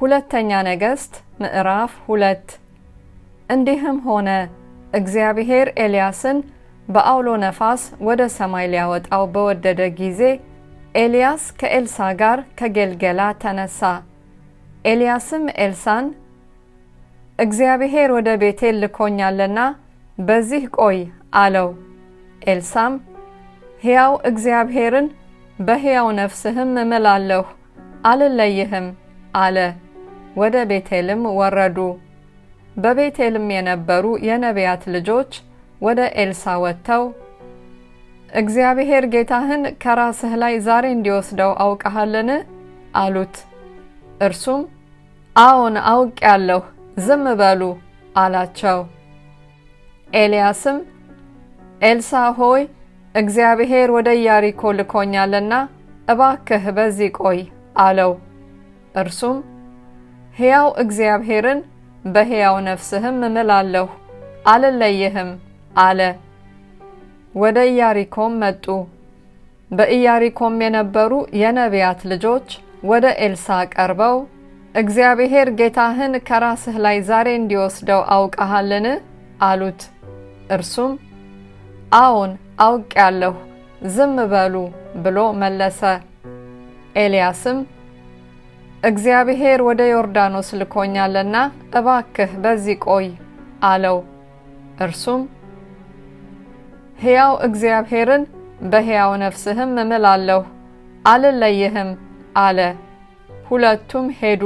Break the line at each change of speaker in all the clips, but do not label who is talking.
ሁለተኛ ነገሥት ምዕራፍ ሁለት እንዲህም ሆነ እግዚአብሔር ኤልያስን በአውሎ ነፋስ ወደ ሰማይ ሊያወጣው በወደደ ጊዜ ኤልያስ ከኤልሳ ጋር ከጌልገላ ተነሳ። ኤልያስም ኤልሳን እግዚአብሔር ወደ ቤቴል ልኮኛልና በዚህ ቆይ አለው። ኤልሳም ሕያው እግዚአብሔርን በሕያው ነፍስህም እምላለሁ አልለይህም አለ። ወደ ቤቴልም ወረዱ። በቤቴልም የነበሩ የነቢያት ልጆች ወደ ኤልሳ ወጥተው እግዚአብሔር ጌታህን ከራስህ ላይ ዛሬ እንዲወስደው አውቀሃልን? አሉት። እርሱም አዎን ያለሁ ዝም በሉ አላቸው። ኤልያስም ኤልሳ ሆይ እግዚአብሔር ወደ ኢያሪኮ ልኮኛልና እባክህ በዚህ ቆይ አለው። እርሱም ሕያው እግዚአብሔርን በሕያው ነፍስህም እምላለሁ አልለይህም አለ። ወደ ኢያሪኮም መጡ። በኢያሪኮም የነበሩ የነቢያት ልጆች ወደ ኤልሳ ቀርበው እግዚአብሔር ጌታህን ከራስህ ላይ ዛሬ እንዲወስደው አውቀሃልን? አሉት። እርሱም አዎን ያለሁ ዝም በሉ ብሎ መለሰ። ኤልያስም እግዚአብሔር ወደ ዮርዳኖስ ልኮኛልና እባክህ በዚህ ቆይ አለው። እርሱም ሕያው እግዚአብሔርን በሕያው ነፍስህም እምላለሁ አልለይህም አለ። ሁለቱም ሄዱ።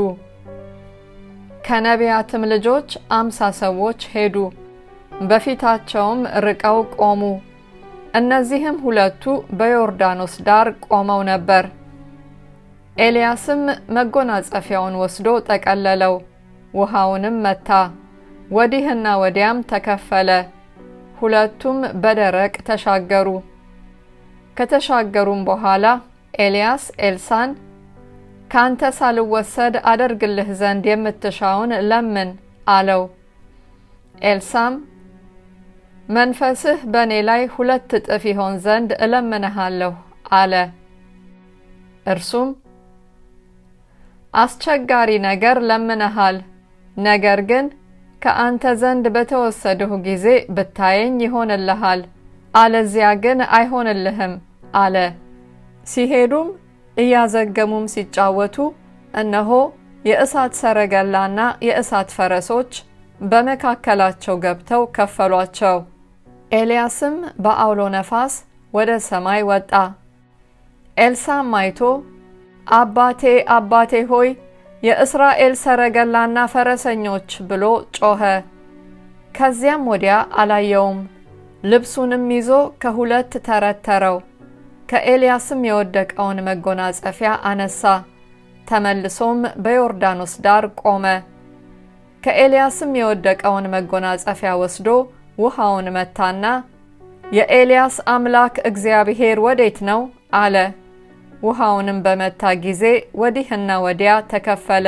ከነቢያትም ልጆች አምሳ ሰዎች ሄዱ፣ በፊታቸውም ርቀው ቆሙ። እነዚህም ሁለቱ በዮርዳኖስ ዳር ቆመው ነበር። ኤልያስም መጎናጸፊያውን ወስዶ ጠቀለለው፣ ውሃውንም መታ፣ ወዲህና ወዲያም ተከፈለ። ሁለቱም በደረቅ ተሻገሩ። ከተሻገሩም በኋላ ኤልያስ ኤልሳን ካንተ ሳልወሰድ አደርግልህ ዘንድ የምትሻውን ለምን አለው። ኤልሳም መንፈስህ በእኔ ላይ ሁለት እጥፍ ይሆን ዘንድ እለምንሃለሁ አለ። እርሱም አስቸጋሪ ነገር ለምነሃል፣ ነገር ግን ከአንተ ዘንድ በተወሰድሁ ጊዜ ብታየኝ ይሆንልሃል፣ አለዚያ ግን አይሆንልህም አለ። ሲሄዱም እያዘገሙም ሲጫወቱ እነሆ የእሳት ሰረገላና የእሳት ፈረሶች በመካከላቸው ገብተው ከፈሏቸው። ኤልያስም በአውሎ ነፋስ ወደ ሰማይ ወጣ። ኤልሳም አይቶ አባቴ አባቴ ሆይ የእስራኤል ሰረገላና ፈረሰኞች ብሎ ጮኸ። ከዚያም ወዲያ አላየውም። ልብሱንም ይዞ ከሁለት ተረተረው። ከኤልያስም የወደቀውን መጎናጸፊያ አነሳ። ተመልሶም በዮርዳኖስ ዳር ቆመ። ከኤልያስም የወደቀውን መጎናጸፊያ ወስዶ ውሃውን መታና የኤልያስ አምላክ እግዚአብሔር ወዴት ነው? አለ። ውሃውንም በመታ ጊዜ ወዲህና ወዲያ ተከፈለ፣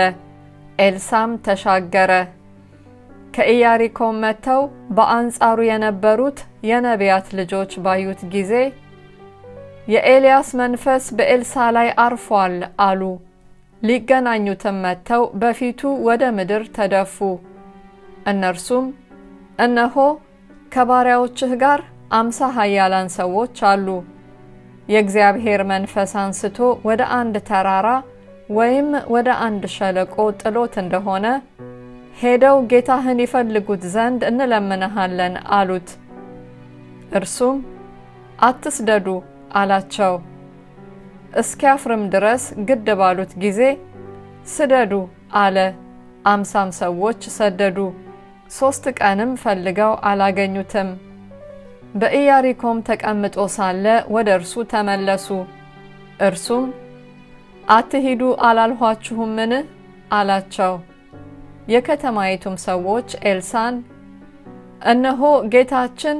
ኤልሳም ተሻገረ። ከኢያሪኮም መጥተው በአንጻሩ የነበሩት የነቢያት ልጆች ባዩት ጊዜ የኤልያስ መንፈስ በኤልሳ ላይ አርፏል አሉ። ሊገናኙትም መጥተው በፊቱ ወደ ምድር ተደፉ። እነርሱም እነሆ ከባሪያዎችህ ጋር አምሳ ኃያላን ሰዎች አሉ የእግዚአብሔር መንፈስ አንስቶ ወደ አንድ ተራራ ወይም ወደ አንድ ሸለቆ ጥሎት እንደሆነ ሄደው ጌታህን ይፈልጉት ዘንድ እንለምንሃለን አሉት። እርሱም አትስደዱ አላቸው። እስኪያፍርም ድረስ ግድ ባሉት ጊዜ ስደዱ አለ። አምሳም ሰዎች ሰደዱ። ሦስት ቀንም ፈልገው አላገኙትም። በኢያሪኮም ተቀምጦ ሳለ ወደ እርሱ ተመለሱ። እርሱም አትሂዱ አላልኋችሁምን? አላቸው። የከተማይቱም ሰዎች ኤልሳን እነሆ ጌታችን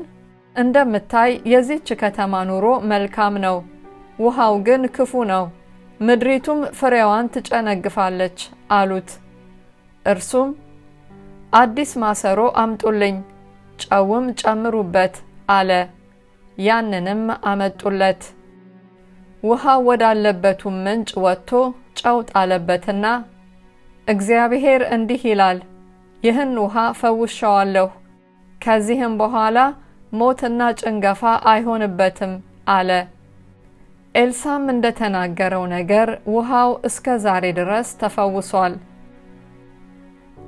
እንደምታይ የዚህች ከተማ ኑሮ መልካም ነው፣ ውሃው ግን ክፉ ነው፣ ምድሪቱም ፍሬዋን ትጨነግፋለች አሉት። እርሱም አዲስ ማሰሮ አምጡልኝ፣ ጨውም ጨምሩበት አለ። ያንንም አመጡለት። ውሃ ወዳለበቱም ምንጭ ወጥቶ ጨው ጣለበትና እግዚአብሔር እንዲህ ይላል፣ ይህን ውሃ ፈውሻዋለሁ፣ ከዚህም በኋላ ሞትና ጭንገፋ አይሆንበትም አለ። ኤልሳም እንደተናገረው ነገር ውሃው እስከ ዛሬ ድረስ ተፈውሷል።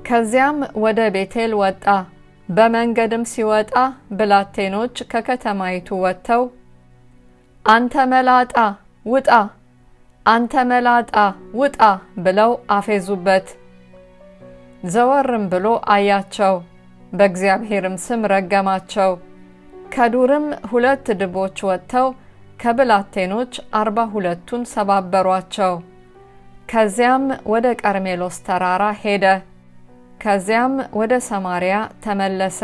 ከዚያም ወደ ቤቴል ወጣ። በመንገድም ሲወጣ ብላቴኖች ከከተማይቱ ወጥተው አንተ መላጣ ውጣ፣ አንተ መላጣ ውጣ ብለው አፌዙበት። ዘወርም ብሎ አያቸው፣ በእግዚአብሔርም ስም ረገማቸው። ከዱርም ሁለት ድቦች ወጥተው ከብላቴኖች አርባ ሁለቱን ሰባበሯቸው። ከዚያም ወደ ቀርሜሎስ ተራራ ሄደ። ከዚያም ወደ ሰማሪያ ተመለሰ።